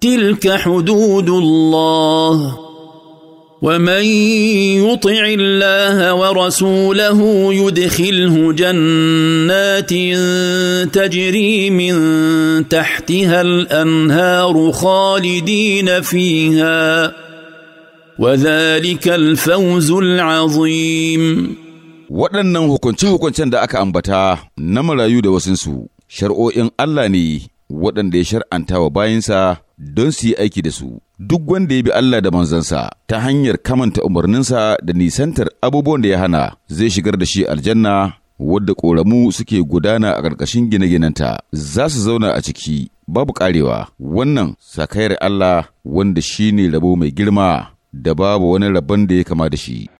تلك حدود الله ومن يطع الله ورسوله يدخله جنات تجري من تحتها الانهار خالدين فيها وذلك الفوز العظيم waɗannan hukunce-hukuncen da aka ambata na marayu da wasunsu shar'o'in Allah ne waɗanda ya shar'anta wa bayansa don su yi aiki da su. Duk wanda ya bi Allah da manzansa ta hanyar kamanta umarninsa da nisantar abubuwan da ya hana zai shigar da shi aljanna wadda ƙoramu suke gudana a ƙarƙashin gine-ginenta za su zauna a ciki babu ƙarewa wannan sakayar Allah wanda shi ne rabo mai girma da babu wani rabon da ya kama da shi.